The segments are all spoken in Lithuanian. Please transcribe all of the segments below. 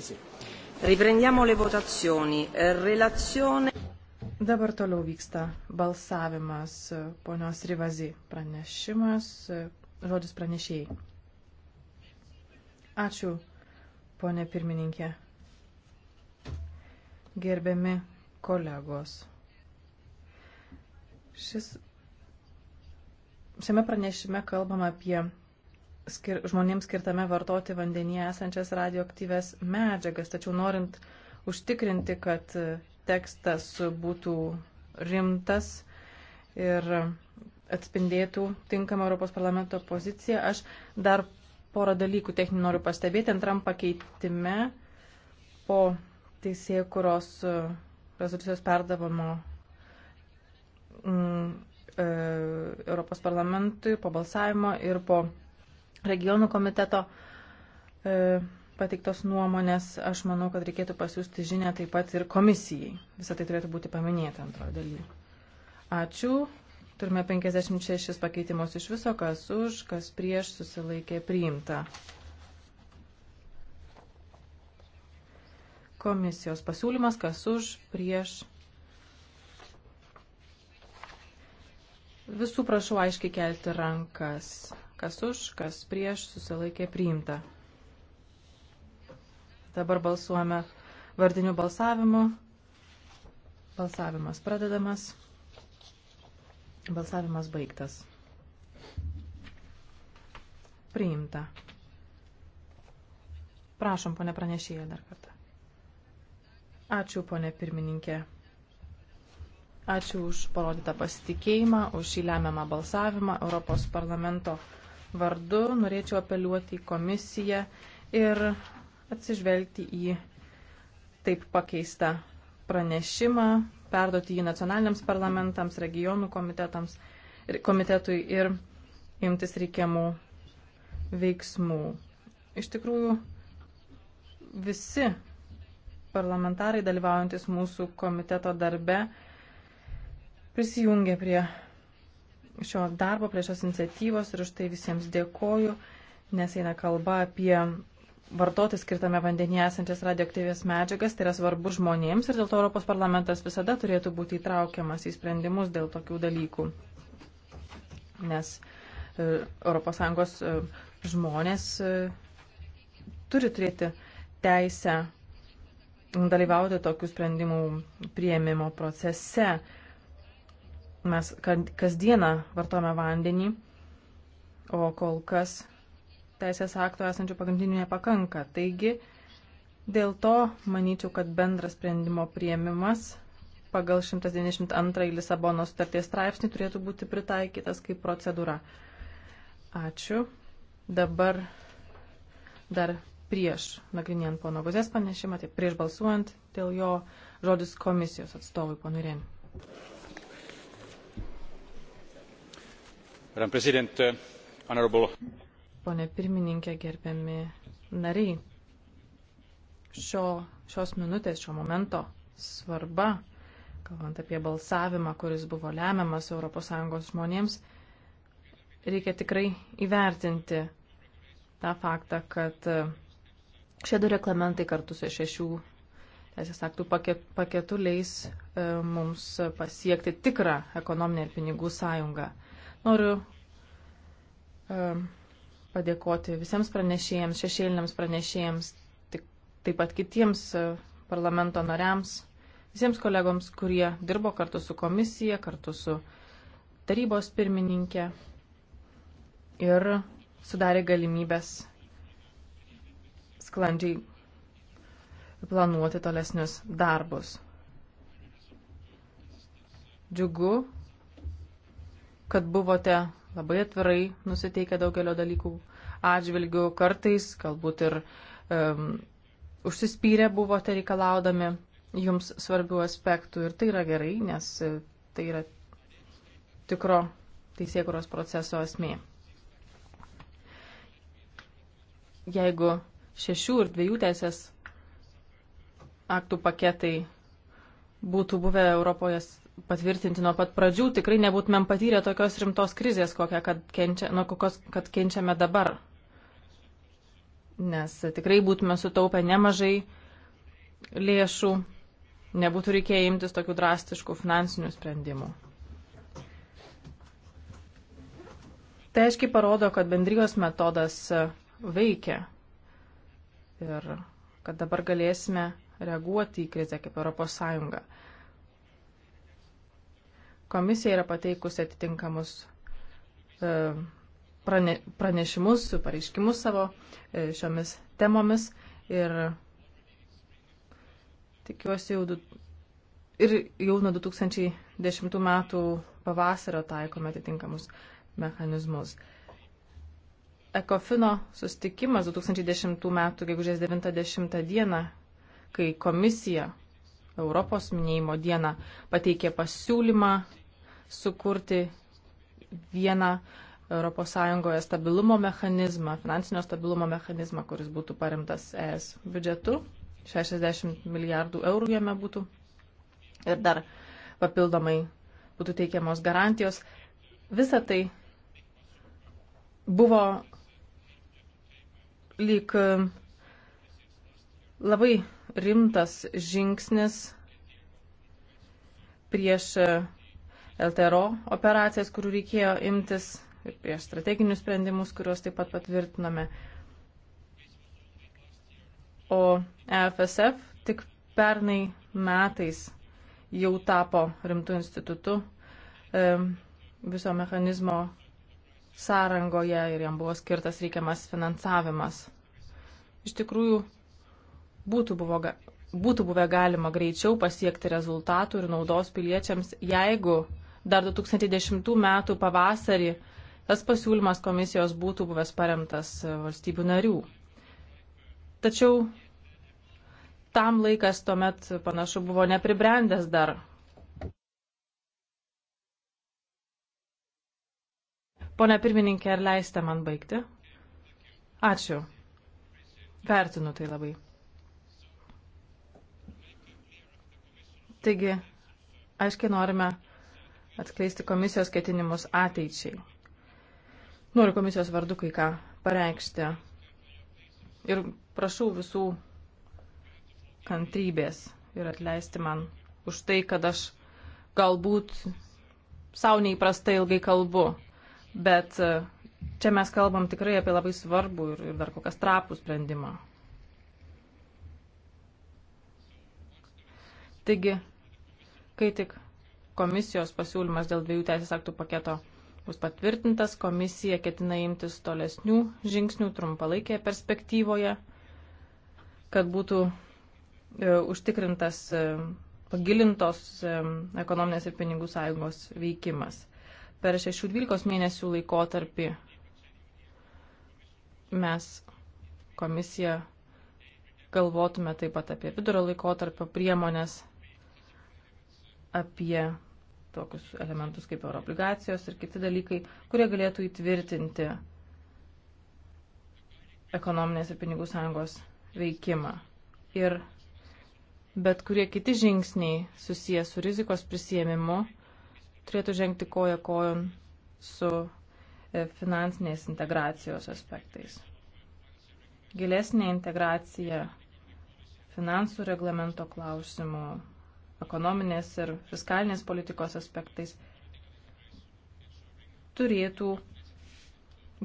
Sì, sì. Riprendiamo le votazioni. Eh, relazione. Dabar toliau vyksta balsavimas, eh, ponios Rivazi pranešimas, eh, žodis pranešėjai. Ačiū, ponė pirmininkė. Gerbiami kolegos. Šis, šiame pranešime kalbam apie skir žmonėms skirtame vartoti vandenyje esančias radioaktyves medžiagas. Tačiau norint užtikrinti, kad tekstas būtų rimtas ir atspindėtų tinkamą Europos parlamento poziciją, aš dar porą dalykų techninių noriu pastebėti. Antram pakeitime po teisėjų, kurios e, rezoliucijos perdavimo mm, e, Europos parlamentui po balsavimo ir po regionų komiteto e, pateiktos nuomonės, aš manau, kad reikėtų pasiūsti žinę taip pat ir komisijai. Visą tai turėtų būti paminėta antroje dalyje. Ačiū. Turime 56 pakeitimus iš viso, kas už, kas prieš susilaikė priimta. Komisijos pasiūlymas, kas už, prieš. Visų prašau aiškiai kelti rankas. Kas už, kas prieš, susilaikė priimta. Dabar balsuojame vardiniu balsavimu. Balsavimas pradedamas. Balsavimas baigtas. Priimta. Prašom, ponė pranešėja, dar kartą. Ačiū, ponė pirmininkė. Ačiū už parodytą pasitikėjimą, už šį lemiamą balsavimą Europos parlamento vardu norėčiau apeliuoti į komisiją ir atsižvelgti į taip pakeistą pranešimą, perduoti jį nacionaliniams parlamentams, regionų komitetams, komitetui ir imtis reikiamų veiksmų. Iš tikrųjų, visi parlamentarai dalyvaujantis mūsų komiteto darbe prisijungia prie šio darbo, prie šios iniciatyvos ir už tai visiems dėkoju, nes eina kalba apie vartoti skirtame vandenyje esančias radioaktyvės medžiagas, tai yra svarbu žmonėms ir dėl to Europos parlamentas visada turėtų būti įtraukiamas į sprendimus dėl tokių dalykų. Nes ES e, žmonės e, turi turėti teisę dalyvauti tokių sprendimų prieimimo procese. Mes kasdieną vartojame vandenį, o kol kas teisės akto esančių pagrindinių nepakanka. Taigi, dėl to manyčiau, kad bendras sprendimo prieimimas pagal 192 Lisabono sutarties straipsnį turėtų būti pritaikytas kaip procedūra. Ačiū. Dabar dar prieš nagrinėjant pono Gozės panešimą, tai prieš balsuojant dėl jo žodis komisijos atstovui, ponu Rėmi. Pone pirmininkė, gerbiami nariai, šio, šios minutės, šio momento svarba, kalbant apie balsavimą, kuris buvo lemiamas ES žmonėms, reikia tikrai įvertinti tą faktą, kad šie du reglamentai kartu su šešių teisės aktų paketu leis e, mums pasiekti tikrą ekonominę ir pinigų sąjungą. Noriu um, padėkoti visiems pranešėjams, šešėliniams pranešėjams, tik, taip pat kitiems uh, parlamento nariams, visiems kolegoms, kurie dirbo kartu su komisija, kartu su tarybos pirmininkė ir sudarė galimybės sklandžiai planuoti tolesnius darbus. Džiugu, kad buvote labai atvirai nusiteikę daugelio dalykų atžvilgių, kartais galbūt ir um, užsispyrę buvote reikalaudami jums svarbių aspektų ir tai yra gerai, nes tai yra tikro teisėkuros proceso esmė. Jeigu šešių ir dviejų teisės aktų paketai būtų buvę Europoje, patvirtinti nuo pat pradžių, tikrai nebūtumėm patyrę tokios rimtos krizės, kokią, kad, kenčia, nu, kokios, kad kenčiame dabar. Nes tikrai būtume sutaupę nemažai lėšų, nebūtų reikėję imtis tokių drastiškų finansinių sprendimų. Tai aiškiai parodo, kad bendrijos metodas veikia ir kad dabar galėsime reaguoti į krizę kaip Europos Sąjunga. Komisija yra pateikusi atitinkamus e, prane, pranešimus, pareiškimus savo e, šiomis temomis ir tikiuosi jau, du, ir jau nuo 2010 metų pavasario taikome atitinkamus mechanizmus. Ekofino sustikimas 2010 metų gegužės 90 dieną, kai komisija Europos minėjimo dieną pateikė pasiūlymą sukurti vieną ES stabilumo mechanizmą, finansinio stabilumo mechanizmą, kuris būtų paremtas ES biudžetu. 60 milijardų eurų jame būtų. Ir dar papildomai būtų teikiamos garantijos. Visa tai buvo lyg e, labai rimtas žingsnis prieš LTRO operacijas, kurių reikėjo imtis ir prieš strateginius sprendimus, kuriuos taip pat patvirtiname. O EFSF tik pernai metais jau tapo rimtų institutų viso mechanizmo sąrangoje ir jam buvo skirtas reikiamas finansavimas. Iš tikrųjų, būtų, buvo, būtų buvę galima greičiau pasiekti rezultatų ir naudos piliečiams, jeigu dar 2010 m. pavasarį tas pasiūlymas komisijos būtų buvęs paremtas e, valstybių narių. Tačiau tam laikas tuomet panašu buvo nepribrendęs dar. Pone pirmininkė, ar leiste man baigti? Ačiū. Vertinu tai labai. Taigi, aiškiai norime atskleisti komisijos ketinimus ateičiai. Noriu komisijos vardu kai ką pareikšti. Ir prašau visų kantrybės ir atleisti man už tai, kad aš galbūt savo neįprastai ilgai kalbu. Bet e, čia mes kalbam tikrai apie labai svarbų ir, ir dar kokias trapų sprendimą. Taigi, kai tik komisijos pasiūlymas dėl dviejų teisės aktų paketo bus patvirtintas, komisija ketina imtis tolesnių žingsnių trumpalaikėje perspektyvoje, kad būtų e, užtikrintas e, pagilintos e, ekonominės ir pinigų sąjungos veikimas. Per 6-12 mėnesių laikotarpį mes komisija galvotume taip pat apie vidurio laikotarpio priemonės apie tokius elementus kaip euroobligacijos ir kiti dalykai, kurie galėtų įtvirtinti ekonominės ir pinigų sąjungos veikimą. Ir bet kurie kiti žingsniai susiję su rizikos prisėmimu turėtų žengti koja kojon su e, finansinės integracijos aspektais. Gilesnė integracija finansų reglamento klausimų, ekonominės ir fiskalinės politikos aspektais turėtų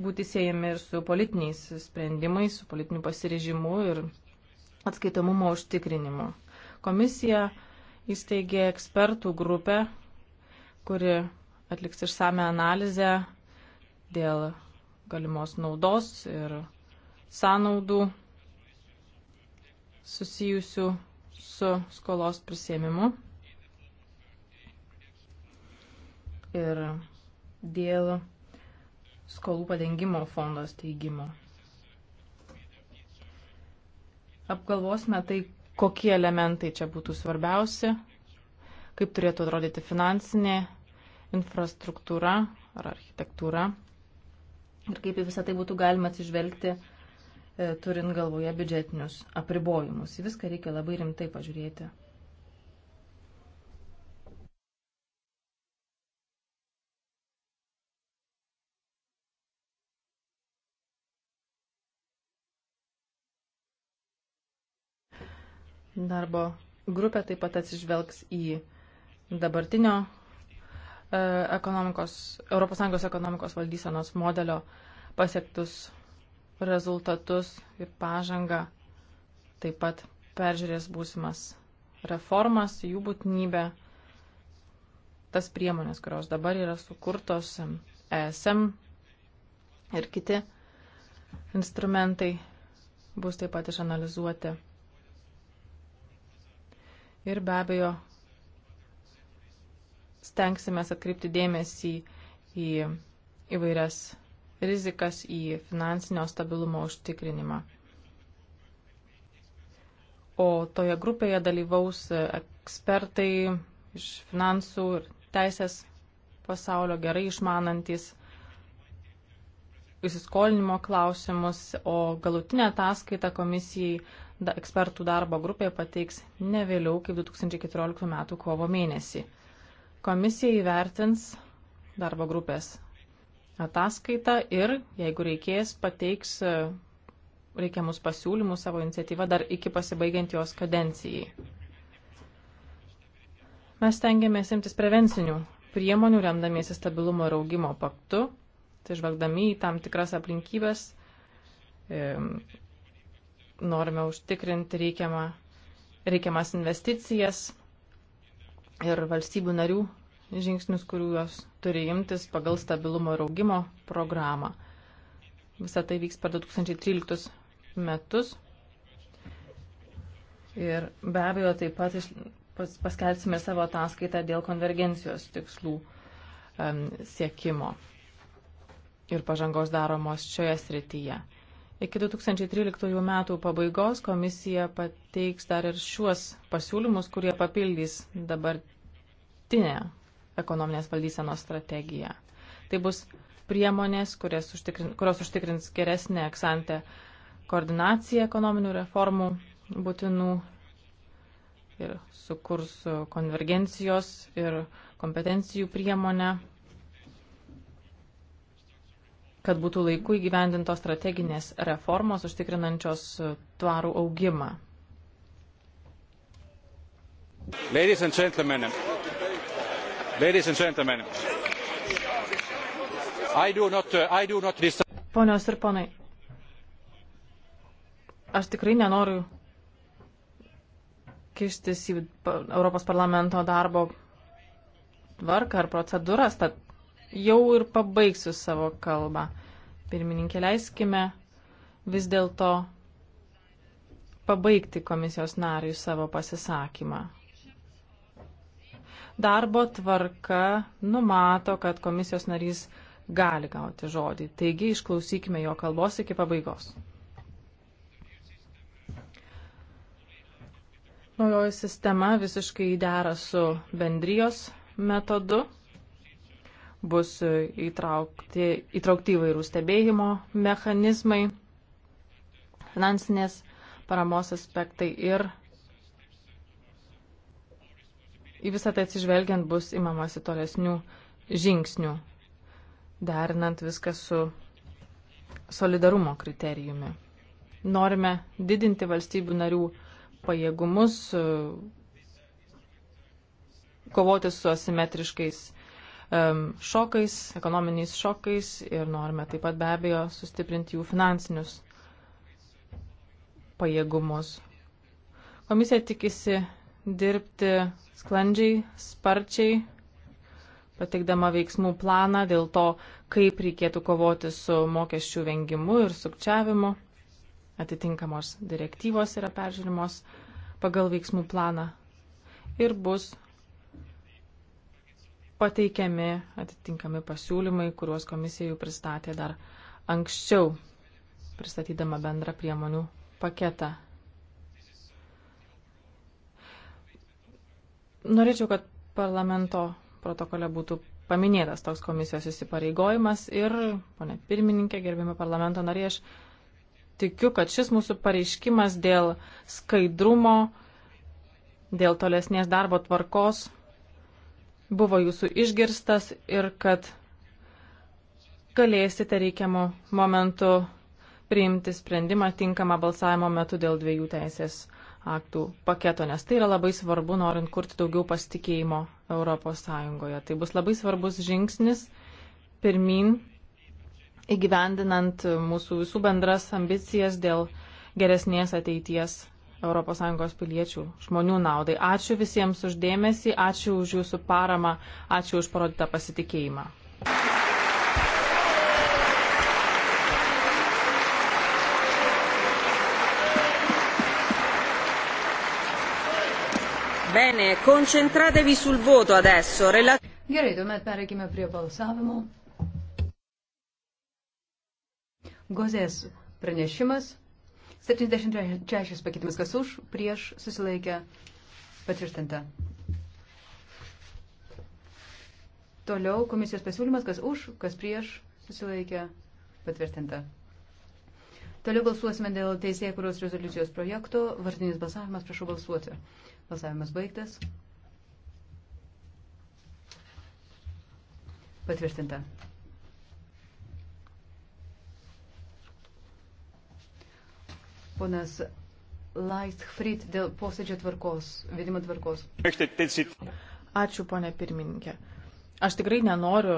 būti siejami ir su politiniais sprendimais, su politiniu pasirežimu ir atskaitomumo užtikrinimu. Komisija įsteigė ekspertų grupę, kuri atliks išsame analizę dėl galimos naudos ir sąnaudų susijusių su skolos prisėmimu ir dėl skolų padengimo fondo steigimo. Apgalvosime tai, kokie elementai čia būtų svarbiausi, kaip turėtų atrodyti finansinė infrastruktūra ar architektūra ir kaip į visą tai būtų galima atsižvelgti E, turint galvoje biudžetinius apribojimus. Į viską reikia labai rimtai pažiūrėti. Darbo grupė taip pat atsižvelgs į dabartinio e, ekonomikos, ES ekonomikos valdysenos modelio pasiektus rezultatus ir pažangą, taip pat peržiūrės būsimas reformas, jų būtinybę, tas priemonės, kurios dabar yra sukurtos, ESM ir kiti instrumentai bus taip pat išanalizuoti. Ir be abejo, stengsimės atkreipti dėmesį į įvairias rizikas į finansinio stabilumo užtikrinimą. O toje grupėje dalyvaus ekspertai iš finansų ir teisės pasaulio gerai išmanantis įsiskolinimo klausimus, o galutinę ataskaitą komisijai da, ekspertų darbo grupė pateiks ne vėliau kaip 2014 m. kovo mėnesį. Komisija įvertins darbo grupės ataskaitą ir, jeigu reikės, pateiks e, reikiamus pasiūlymus savo iniciatyvą dar iki pasibaigiant jos kadencijai. Mes tengiamės imtis prevencinių priemonių, remdamiesi stabilumo ir augimo paktu, tai žvelgdami į tam tikras aplinkybės, e, norime užtikrinti reikiamą, reikiamas investicijas ir valstybių narių žingsnius, kuriuos turi imtis pagal stabilumo ir augimo programą. Visą tai vyks per 2013 metus. Ir be abejo, taip pat iš, pas, paskelbsime savo ataskaitą dėl konvergencijos tikslų um, siekimo ir pažangos daromos šioje srityje. Iki 2013 metų pabaigos komisija pateiks dar ir šiuos pasiūlymus, kurie papildys dabartinę ekonominės valdysenos strategiją. Tai bus priemonės, užtikrin, kurios užtikrins geresnę eksantę koordinaciją ekonominių reformų būtinų ir sukurs konvergencijos ir kompetencijų priemonę, kad būtų laiku įgyvendintos strateginės reformos užtikrinančios tvarų augimą. Ladies and gentlemen, Ladies and gentlemen, I do not, uh, I do not this... Ponios ir ponai, aš tikrai nenoriu kištis į Europos parlamento darbo tvarką ar procedūras, tad jau ir pabaigsiu savo kalbą. Pirmininkė, leiskime vis dėlto pabaigti komisijos nariui savo pasisakymą darbo tvarka numato, kad komisijos narys gali gauti žodį. Taigi išklausykime jo kalbos iki pabaigos. Naujoji sistema visiškai dera su bendrijos metodu. Bus įtraukti, įtraukti įvairių stebėjimo mechanizmai, finansinės paramos aspektai ir į visą tai atsižvelgiant bus imamasi tolesnių žingsnių, derinant viską su solidarumo kriterijumi. Norime didinti valstybių narių pajėgumus, kovoti su asimetriškais šokais, ekonominiais šokais ir norime taip pat be abejo sustiprinti jų finansinius pajėgumus. Komisija tikisi dirbti sklandžiai, sparčiai, pateikdama veiksmų planą dėl to, kaip reikėtų kovoti su mokesčių vengimu ir sukčiavimu. Atitinkamos direktyvos yra peržiūrimos pagal veiksmų planą ir bus pateikiami atitinkami pasiūlymai, kuriuos komisija jau pristatė dar anksčiau, pristatydama bendrą priemonių paketą. Norėčiau, kad parlamento protokole būtų paminėtas toks komisijos įsipareigojimas ir, ponė pirmininkė, gerbėme parlamento narė, aš tikiu, kad šis mūsų pareiškimas dėl skaidrumo, dėl tolesnės darbo tvarkos buvo jūsų išgirstas ir kad galėsite reikiamu momentu priimti sprendimą tinkamą balsavimo metu dėl dviejų teisės aktų paketo, nes tai yra labai svarbu, norint kurti daugiau pasitikėjimo ES. Tai bus labai svarbus žingsnis pirmin įgyvendinant mūsų visų bendras ambicijas dėl geresnės ateities ES piliečių žmonių naudai. Ačiū visiems uždėmesį, ačiū už jūsų paramą, ačiū už parodytą pasitikėjimą. Bene, concentratevi sul voto adesso. Rela... Gerai, tuomet pereikime prie balsavimo. Gozės pranešimas. 76 pakeitimas kas už, prieš susilaikę patvirtinta. Toliau komisijos pasiūlymas kas už, kas prieš susilaikę patvirtinta. Toliau balsuosime dėl teisėjų kurios rezoliucijos projekto. Vardinis balsavimas, prašau balsuoti. Balsavimas baigtas. Patvirtinta. Ponas Leichtfried dėl posėdžio tvarkos, vedimo tvarkos. Ačiū, ponė pirmininkė. Aš tikrai nenoriu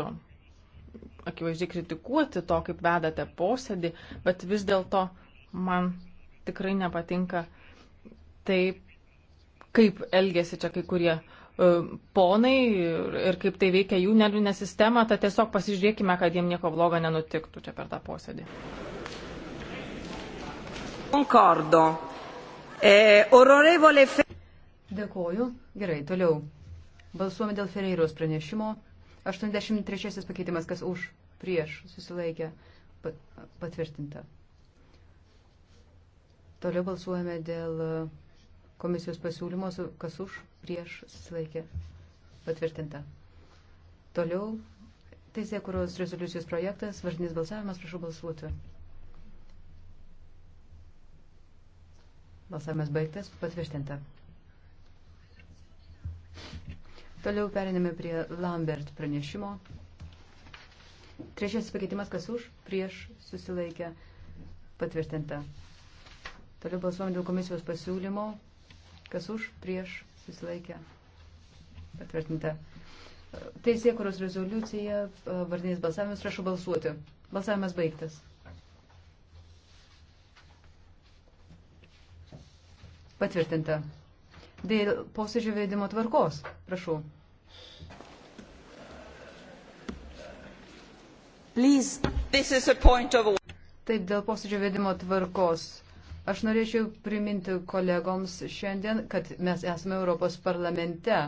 akivaizdžiai kritikuoti to, kaip vedate posėdį, bet vis dėlto man tikrai nepatinka taip, kaip elgesi čia kai kurie e, ponai ir kaip tai veikia jų nervinę sistemą, tad tiesiog pasižiūrėkime, kad jiem nieko blogo nenutiktų čia per tą posėdį. Concordo. E, ororevole... Dėkoju. Gerai, toliau. Balsuome dėl Ferreiros pranešimo. 83 pakeitimas, kas už, prieš, susilaikė, patvirtinta. Toliau balsuojame dėl komisijos pasiūlymo, kas už, prieš, susilaikė, patvirtinta. Toliau teisė, kurios rezoliucijos projektas, vardinis balsavimas, prašau balsuoti. Balsavimas baigtas, patvirtinta. Toliau periname prie Lambert pranešimo. Trečiasis pakeitimas, kas už, prieš, susilaikė, patvirtinta. Toliau balsuojame dėl komisijos pasiūlymo, kas už, prieš, susilaikė, patvirtinta. Teisėkuros rezoliucija, vardinis balsavimas, prašau balsuoti. Balsavimas baigtas. Patvirtinta. Dėl posėdžio veidimo tvarkos, prašau. Please. Of... Taip, dėl posėdžio vedimo tvarkos. Aš norėčiau priminti kolegoms šiandien, kad mes esame Europos parlamente.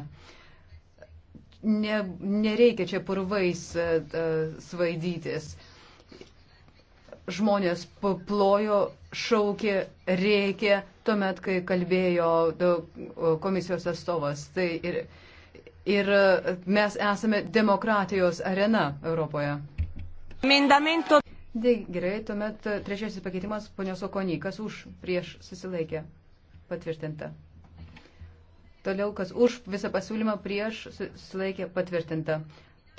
Ne, nereikia čia purvais uh, svaidytis. Žmonės plojo, šaukė, rėkė, tuomet, kai kalbėjo e, komisijos atstovas. Tai ir, ir mes esame demokratijos arena Europoje. Mendamento. Gerai, tuomet trečiasis pakeitimas, ponios Okonį, kas už, prieš susilaikė, patvirtinta. Toliau, kas už visą pasiūlymą prieš susilaikė, patvirtinta.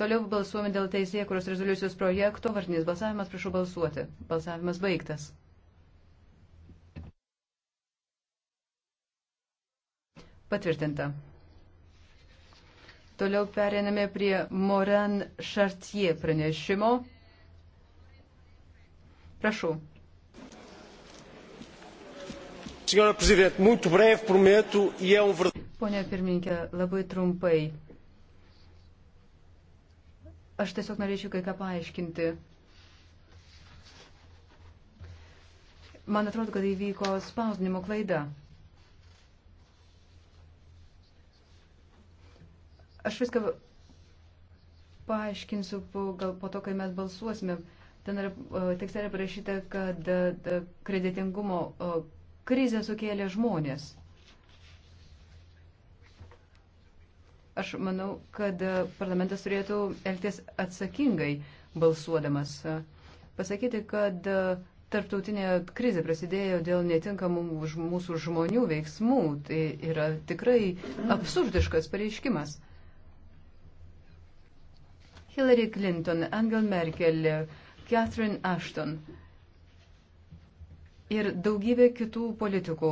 Toliau balsuojame dėl teisėje, kurios rezoliucijos projekto, vardinis balsavimas, prašau balsuoti. Balsavimas baigtas. Patvirtinta. Toliau perėmėme prie Moran Chartier pranešimo. Prašau. E um Pone pirmininkė, labai trumpai. Aš tiesiog norėčiau kai ką paaiškinti. Man atrodo, kad įvyko spausdinimo klaida. Aš viską paaiškinsiu po, gal po to, kai mes balsuosime. Ten yra, e, tekste yra parašyta, kad e, kreditingumo e, krizę sukėlė žmonės. Aš manau, kad parlamentas turėtų elgtis atsakingai balsuodamas. Pasakyti, kad tarptautinė krizė prasidėjo dėl netinkamų mūsų žmonių veiksmų. Tai yra tikrai absurdiškas pareiškimas. Hillary Clinton, Angel Merkel, Catherine Ashton ir daugybė kitų politikų.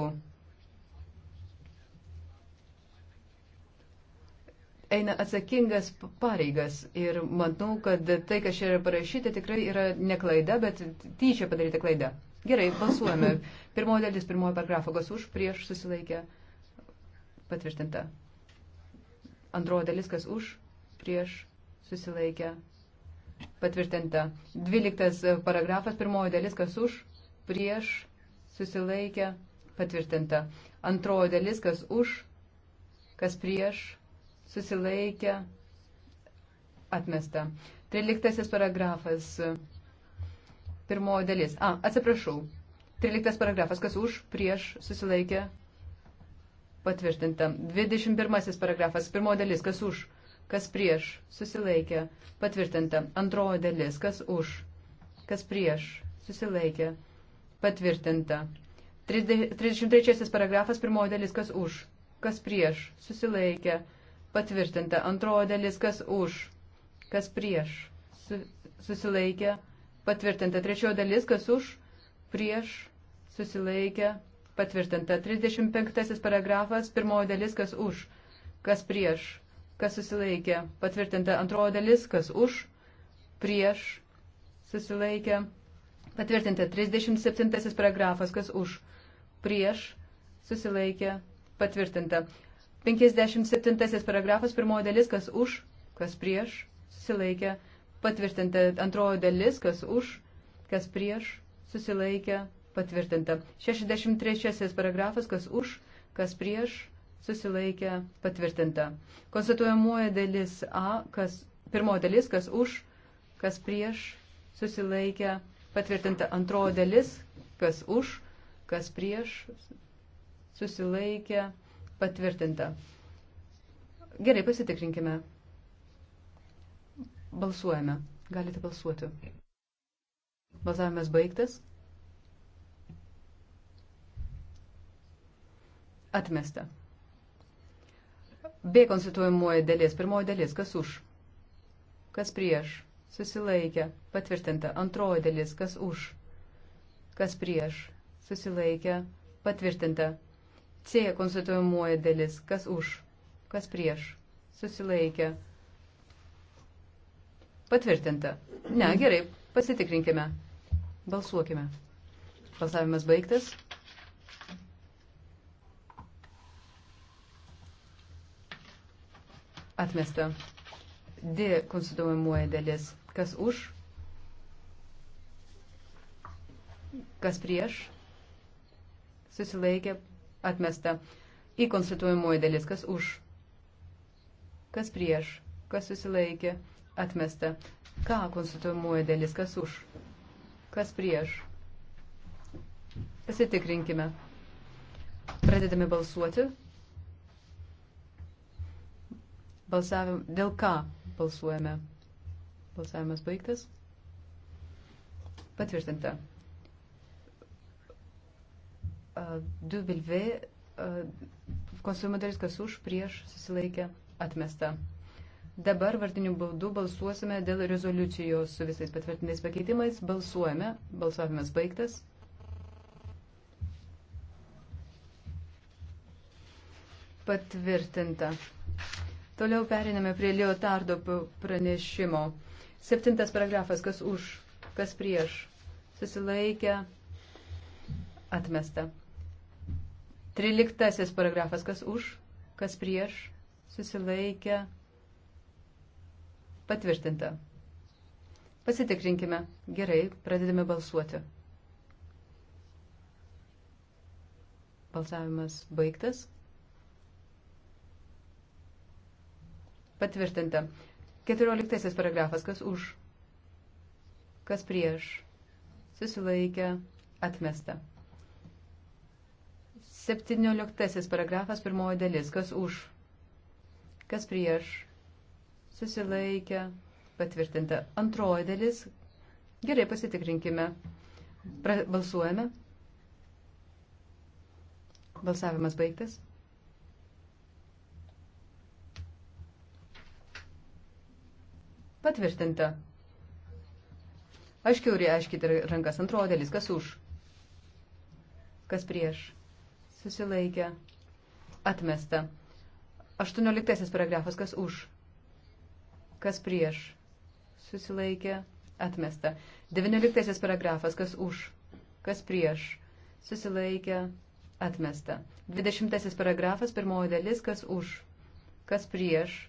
eina atsakingas pareigas ir manau, kad tai, kas čia yra parašyta, tikrai yra ne klaida, bet tyčia padaryta klaida. Gerai, balsuojame. Pirmoji dalis, pirmoji paragrafo, kas už, prieš susilaikė patvirtinta. Antroji dalis, kas už, prieš susilaikė Patvirtinta. 12 paragrafas, pirmoji dalis, kas už, prieš, susilaikė, patvirtinta. Antroji dalis, kas už, kas prieš, susilaikė, atmesta. 13 paragrafas, pirmoji dalis. A, atsiprašau. 13 paragrafas, kas už, prieš, susilaikė, patvirtinta. 21 paragrafas, pirmoji dalis, kas už, kas prieš, susilaikė, patvirtinta. Antroji dalis, kas už, kas prieš, susilaikė, patvirtinta. 33 paragrafas, pirmoji dalis, kas už, kas prieš, susilaikė, patvirtinta. Antroji dalis, kas už, kas prieš, su, susilaikė, patvirtinta. Trečioji dalis, kas už, prieš, susilaikė, patvirtinta. 35 paragrafas, pirmoji dalis, kas už, kas prieš, kas susilaikė, patvirtinta antroji dalis, kas už, prieš, susilaikė, patvirtinta 37 paragrafas, kas už, prieš, susilaikė, patvirtinta 57 paragrafas, pirmoji dalis, kas už, kas prieš, susilaikė, patvirtinta antroji dalis, kas už, kas prieš, susilaikė, patvirtinta 63 paragrafas, kas už, kas prieš, susilaikė patvirtinta. Konstatuojamoji dalis A, kas, pirmoji dalis, kas už, kas prieš, susilaikė patvirtinta. Antroji dalis, kas už, kas prieš, susilaikė patvirtinta. Gerai, pasitikrinkime. Balsuojame. Galite balsuoti. Balsavimas baigtas. Atmesta. B konstituojamoji dalis, pirmoji dalis, kas už, kas prieš, susilaikė, patvirtinta, antroji dalis, kas už, kas prieš, susilaikė, patvirtinta, C konstituojamoji dalis, kas už, kas prieš, susilaikė, patvirtinta. Ne, gerai, pasitikrinkime, balsuokime. Balsavimas baigtas. Atmesta. D konstituojamoji dalis. Kas už? Kas prieš? Susilaikė. Atmesta. Į konstituojamoji dalis. Kas už? Kas prieš? Kas susilaikė? Atmesta. Ką konstituojamoji dalis? Kas už? Kas prieš? Pasitikrinkime. Pradedame balsuoti. Balsavim, dėl ką balsuojame? Balsavimas baigtas. Patvirtinta. Du bilvė, konsumo dalis kas už, prieš, susilaikė, atmesta. Dabar vardiniu būdu balsuosime dėl rezoliucijos su visais patvirtiniais pakeitimais. Balsuojame, balsavimas baigtas. Patvirtinta. Toliau periname prie Leotardo pranešimo. Septintas paragrafas, kas už, kas prieš, susilaikę, atmesta. Triliktasis paragrafas, kas už, kas prieš, susilaikę, patvirtinta. Pasitikrinkime. Gerai, pradedame balsuoti. Balsavimas baigtas. Patvirtinta. 14 paragrafas. Kas už? Kas prieš? Susilaikę. Atmesta. 17 paragrafas. Pirmoji dalis. Kas už? Kas prieš? Susilaikę. Patvirtinta. Antroji dalis. Gerai, pasitikrinkime. Pra balsuojame. Balsavimas baigtas. Patvirtinta. Aiškiau reiškite rankas antroji dalis. Kas už? Kas prieš? Susilaikė. Atmesta. 18 paragrafas. Kas už? Kas prieš? Susilaikė. Atmesta. 19 paragrafas. Kas už? Kas prieš? Susilaikė. Atmesta. 20 paragrafas. Pirmoji dalis. Kas už? Kas prieš?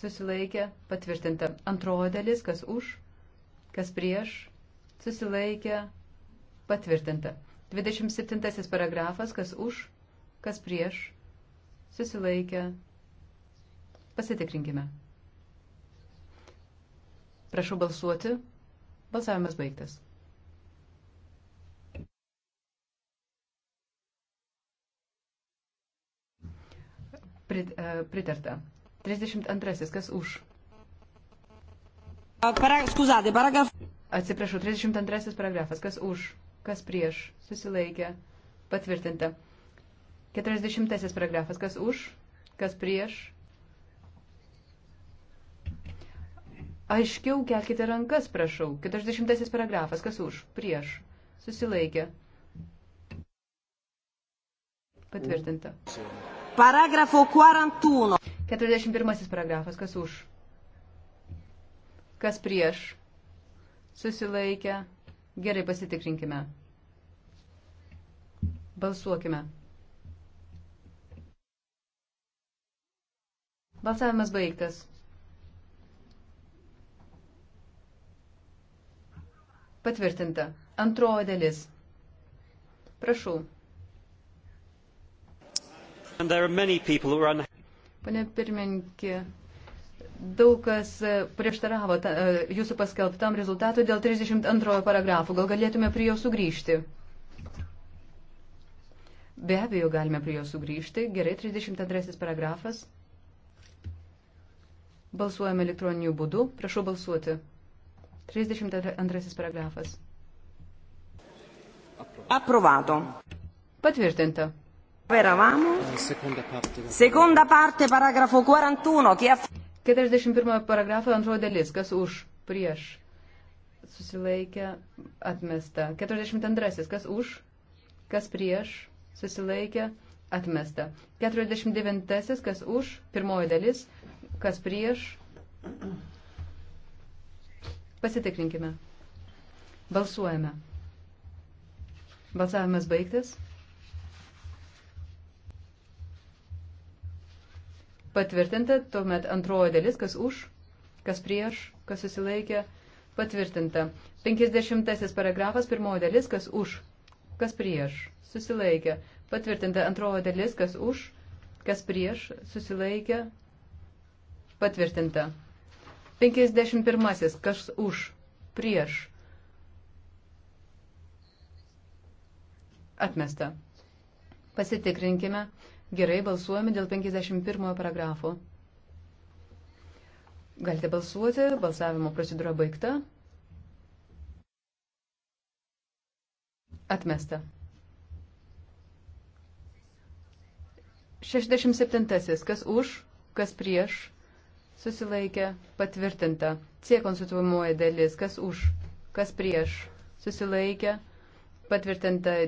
susilaikė, patvirtinta. Antroji dalis, kas už, kas prieš, susilaikė, patvirtinta. 27 paragrafas, kas už, kas prieš, susilaikė. Pasitikrinkime. Prašau balsuoti. Balsavimas baigtas. E, pritarta. 32. Kas už? Para, skuzate, paragraf. Atsiprašau, 32 paragrafas. Kas už? Kas prieš? Susilaikė. Patvirtinta. 40 paragrafas. Kas už? Kas prieš? Aiškiau kelkite rankas, prašau. 40 paragrafas. Kas už? Prieš. Susilaikė. Patvirtinta. Mm. Paragrafo 41. 41 paragrafas. Kas už? Kas prieš? Susilaikę. Gerai pasitikrinkime. Balsuokime. Balsavimas baigtas. Patvirtinta. Antroji dalis. Prašau. Pane pirmininkė, daug kas e, prieštaravo ta, e, jūsų paskelbtam rezultatui dėl 32 paragrafų. Gal galėtume prie jo sugrįžti? Be abejo, galime prie jo sugrįžti. Gerai, 32 paragrafas. Balsuojame elektroniniu būdu. Prašau balsuoti. 32 paragrafas. Aprovato. Patvirtinta. Eravamo. Seconda parte. Seconda parte, paragrafo 41. Chi ha... 41 paragrafo antroji dalis. Kas už? Prieš. Susilaikė. Atmesta. 42. Kas už? Kas prieš? Susilaikė. Atmesta. 49. Kas už? Pirmoji dalis. Kas prieš? Pasitikrinkime. Balsuojame. Balsavimas baigtas. Patvirtinta, tuomet antroji dalis, kas už, kas prieš, kas susilaikė. Patvirtinta. 50 paragrafas, pirmoji dalis, kas už, kas prieš, susilaikė. Patvirtinta antroji dalis, kas už, kas prieš, susilaikė. Patvirtinta. 51. Kas už, prieš. Atmesta. Pasitikrinkime. Gerai, balsuojame dėl 51 paragrafo. Galite balsuoti, balsavimo procedūra baigta. Atmesta. 67. Kas už, kas prieš, susilaikė, patvirtinta. C konstituojamoji dalis, kas už, kas prieš, susilaikė, patvirtinta patvirtinta e,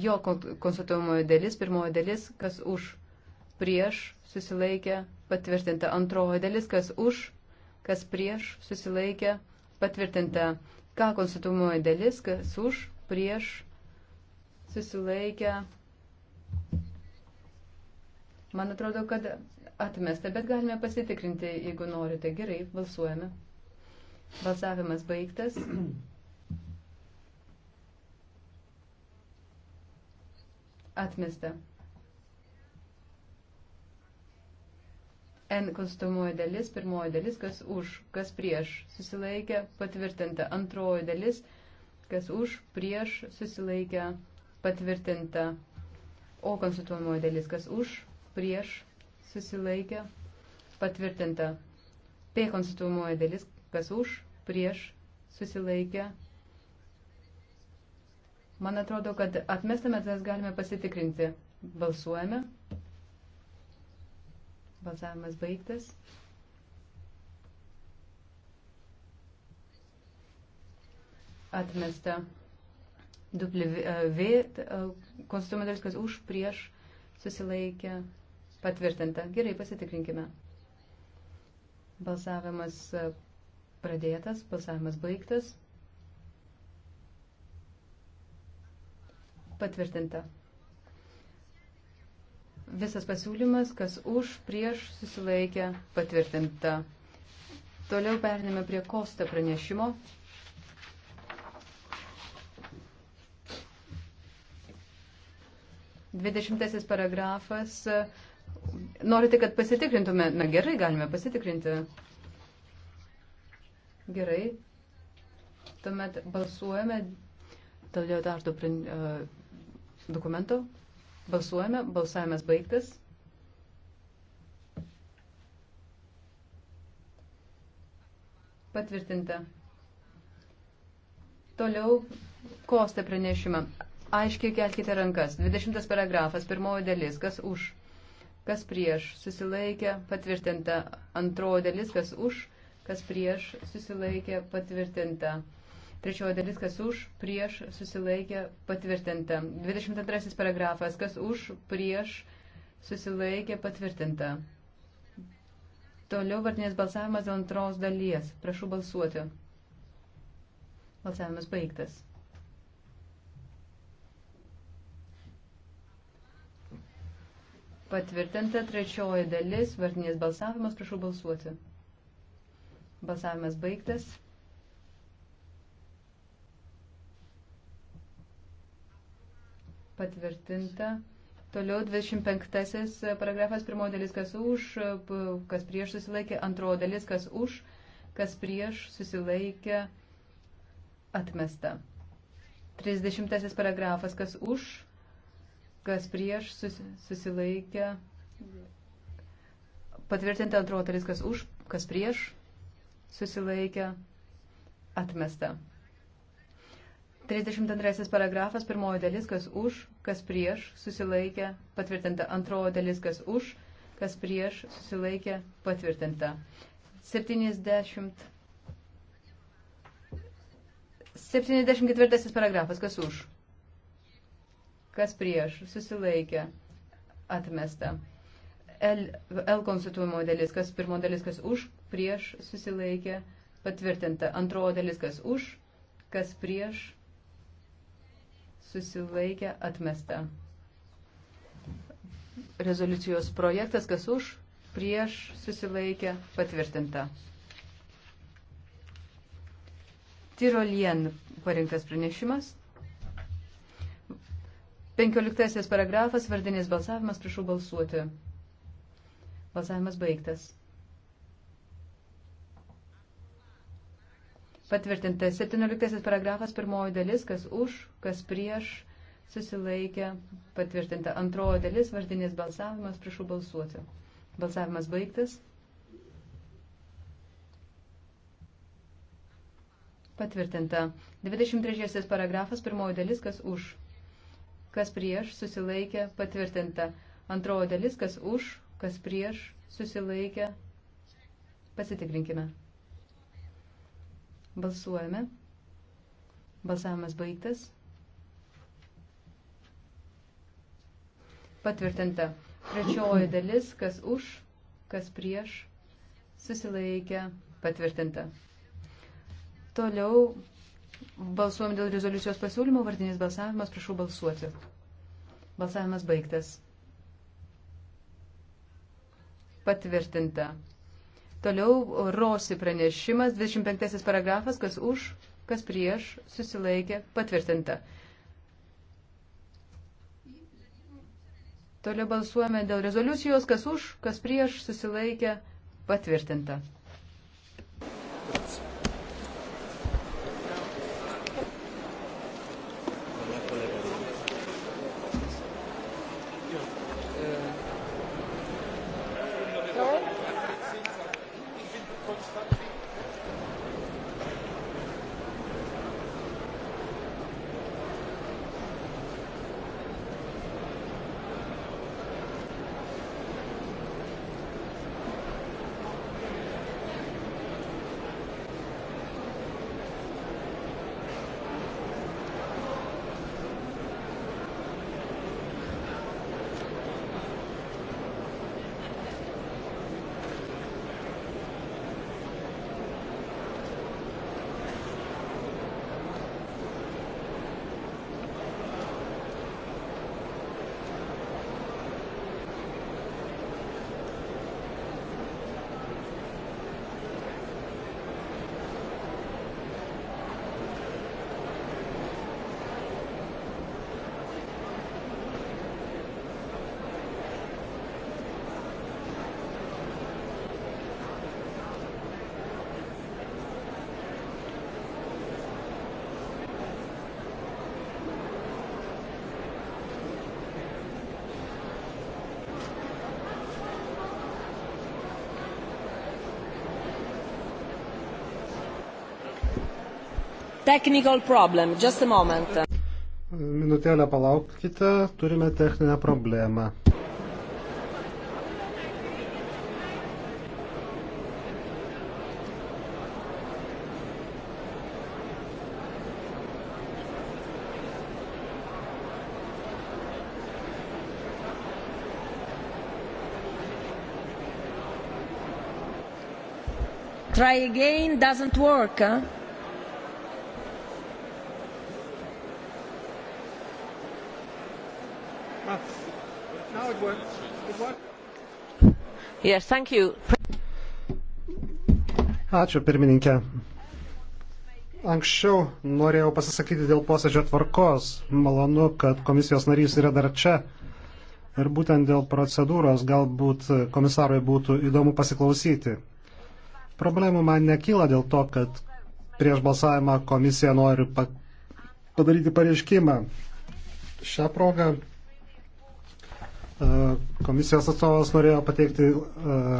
jo konstatuojamoji dalis, pirmoji dalis, kas už, prieš, susilaikė, patvirtinta antroji dalis, kas už, kas prieš, susilaikė, patvirtinta ką konstatuojamoji dalis, kas už, prieš, susilaikė. Man atrodo, kad atmesta, bet galime pasitikrinti, jeigu norite. Gerai, balsuojame. Balsavimas baigtas. atmesta. N konstatuojamoji dalis, pirmoji dalis, kas už, kas prieš, susilaikė, patvirtinta. Antroji dalis, kas už, prieš, susilaikė, patvirtinta. O konstatuojamoji dalis, kas už, prieš, susilaikė, patvirtinta. P konstatuojamoji dalis, kas už, prieš, susilaikė, patvirtinta Man atrodo, kad atmestame mes galime pasitikrinti. Balsuojame. Balsavimas baigtas. Atmesta. W e, e, konstitucijų dalis, kas už, prieš, susilaikė, patvirtinta. Gerai, pasitikrinkime. Balsavimas e, pradėtas, balsavimas baigtas. Patvirtinta. Visas pasiūlymas, kas už, prieš, susilaikė, patvirtinta. Toliau perinėme prie Kosta pranešimo. Dvidešimtasis paragrafas. Norite, kad pasitikrintume? Na gerai, galime pasitikrinti. Gerai. Tuomet balsuojame. Toliau dar du dokumento. Balsuojame, balsavimas baigtas. Patvirtinta. Toliau kostą pranešimą. Aiškiai kelkite rankas. 20 paragrafas, pirmoji dalis. Kas už? Kas prieš? Susilaikė. Patvirtinta. Antroji dalis. Kas už? Kas prieš? Susilaikė. Patvirtinta. Trečioji dalis, kas už, prieš, susilaikė, patvirtinta. 22 paragrafas, kas už, prieš, susilaikė, patvirtinta. Toliau vardinės balsavimas dėl antros dalies. Prašau balsuoti. Balsavimas baigtas. Patvirtinta trečioji dalis, vardinės balsavimas, prašau balsuoti. Balsavimas baigtas. patvirtinta. Toliau 25 paragrafas, pirmoji dalis, kas už, kas prieš susilaikė, antroji dalis, kas už, kas prieš susilaikė, atmesta. 30 paragrafas, kas už, kas prieš susilaikė, patvirtinta antroji dalis, kas už, kas prieš susilaikė, atmesta. 32 paragrafas, pirmoji dalis, kas už, kas prieš, susilaikė, patvirtinta. Antroji dalis, kas už, kas prieš, susilaikė, patvirtinta. 70. 74 paragrafas, kas už, kas prieš, susilaikė, atmesta. L, L konstituojimo dalis, kas pirmo dalis, kas už, prieš, susilaikė, patvirtinta. Antroji dalis, kas už, kas prieš, susilaikė, atmesta. Rezoliucijos projektas, kas už, prieš, susilaikė, patvirtinta. Tirolien parinktas pranešimas. 15 paragrafas, vardinis balsavimas, prašau balsuoti. Balsavimas baigtas. Patvirtinta 17 paragrafas, pirmoji dalis, kas už, kas prieš, susilaikė. Patvirtinta antroji dalis, vardinis balsavimas, prašau balsuoti. Balsavimas baigtas. Patvirtinta 23 paragrafas, pirmoji dalis, kas už, kas prieš, susilaikė. Patvirtinta antroji dalis, kas už, kas prieš, susilaikė. Pasitikrinkime. Balsuojame. Balsavimas baigtas. Patvirtinta. Trečioji dalis, kas už, kas prieš, susilaikė, patvirtinta. Toliau balsuojam dėl rezoliucijos pasiūlymo, vardinis balsavimas, prašau balsuoti. Balsavimas baigtas. Patvirtinta. Toliau Rosi pranešimas, 25 paragrafas, kas už, kas prieš, susilaikė, patvirtinta. Toliau balsuojame dėl rezoliucijos, kas už, kas prieš, susilaikė, patvirtinta. Technical problem, just a moment. Minutėlę palaukite, turime techninę problemą. Try again doesn't work. Huh? it work? It work? Yes, thank you. Ačiū pirmininkė. Anksčiau norėjau pasisakyti dėl posėdžio tvarkos. Malonu, kad komisijos narys yra dar čia. Ir būtent dėl procedūros galbūt komisarui būtų įdomu pasiklausyti. Problemų man nekyla dėl to, kad prieš balsavimą komisija nori pa padaryti pareiškimą. Šią progą E, komisijos atstovas norėjo pateikti e,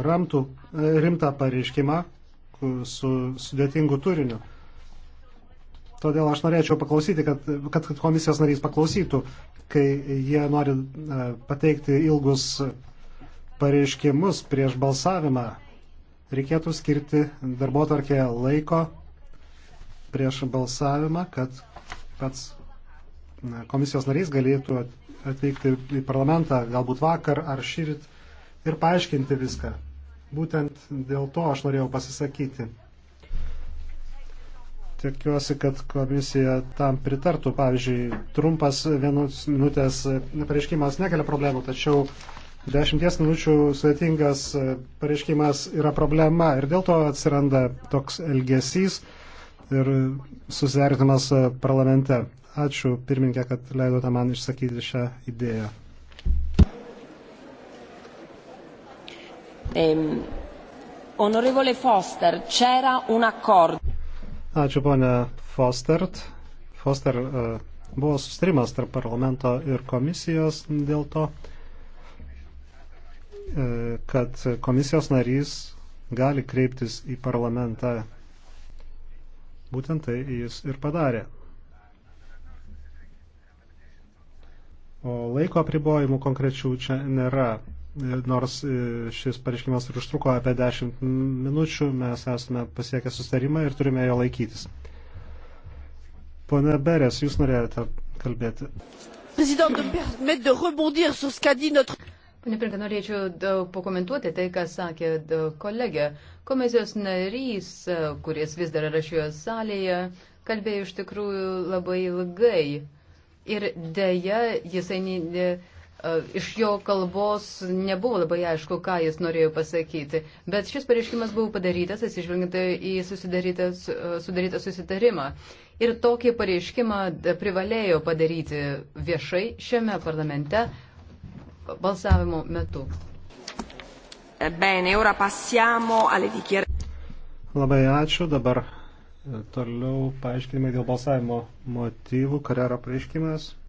ramtų, e, rimtą pareiškimą su sudėtingu turiniu. Todėl aš norėčiau paklausyti, kad, kad komisijos narys paklausytų, kai jie nori pateikti ilgus pareiškimus prieš balsavimą. Reikėtų skirti darbo tarkėje laiko prieš balsavimą, kad pats komisijos narys galėtų atvykti į parlamentą, galbūt vakar ar šyrit, ir paaiškinti viską. Būtent dėl to aš norėjau pasisakyti. Tikiuosi, kad komisija tam pritartų. Pavyzdžiui, trumpas vienos minutės pareiškimas nekelia problemų, tačiau dešimties minučių sudėtingas pareiškimas yra problema ir dėl to atsiranda toks elgesys ir susivertimas parlamente. Ačiū pirmininkė, kad leidote man išsakyti šią idėją. Um, onorevole Foster, c'era un accord. Ačiū ponia Foster. Foster uh, buvo sustarimas tarp parlamento ir komisijos dėl to, uh, kad komisijos narys gali kreiptis į parlamentą. Būtent tai jis ir padarė. O laiko apribojimų konkrečių čia nėra. Nors e, šis pareiškimas ir užtruko apie 10 minučių, mes esame pasiekę sustarimą ir turime jo laikytis. Pone Berės, jūs norėjote kalbėti. Pane Pirka, norėčiau e, pakomentuoti tai, ką sakė e, kolegė. Komisijos narys, kuris vis dar yra šioje salėje, kalbėjo iš tikrųjų labai ilgai ir dėja jisai ne, e, iš jo kalbos nebuvo labai aišku, ką jis norėjo pasakyti. Bet šis pareiškimas buvo padarytas, atsižvelgiant į e, sudarytą susitarimą. Ir tokį pareiškimą privalėjo padaryti viešai šiame parlamente balsavimo metu. Bene, ora passiamo alle dichiarazioni. Labai ačiū. Dabar Toliau paaiškinimai dėl balsavimo motyvų, karjero pareiškimas.